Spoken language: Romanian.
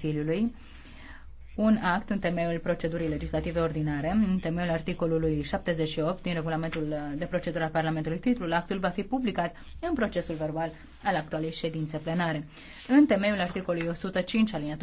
Consiliului un act în temeiul procedurii legislative ordinare, în temeiul articolului 78 din regulamentul de procedură a Parlamentului. Titlul actul va fi publicat în procesul verbal al actualei ședințe plenare. În temeiul articolului 105 aliniatul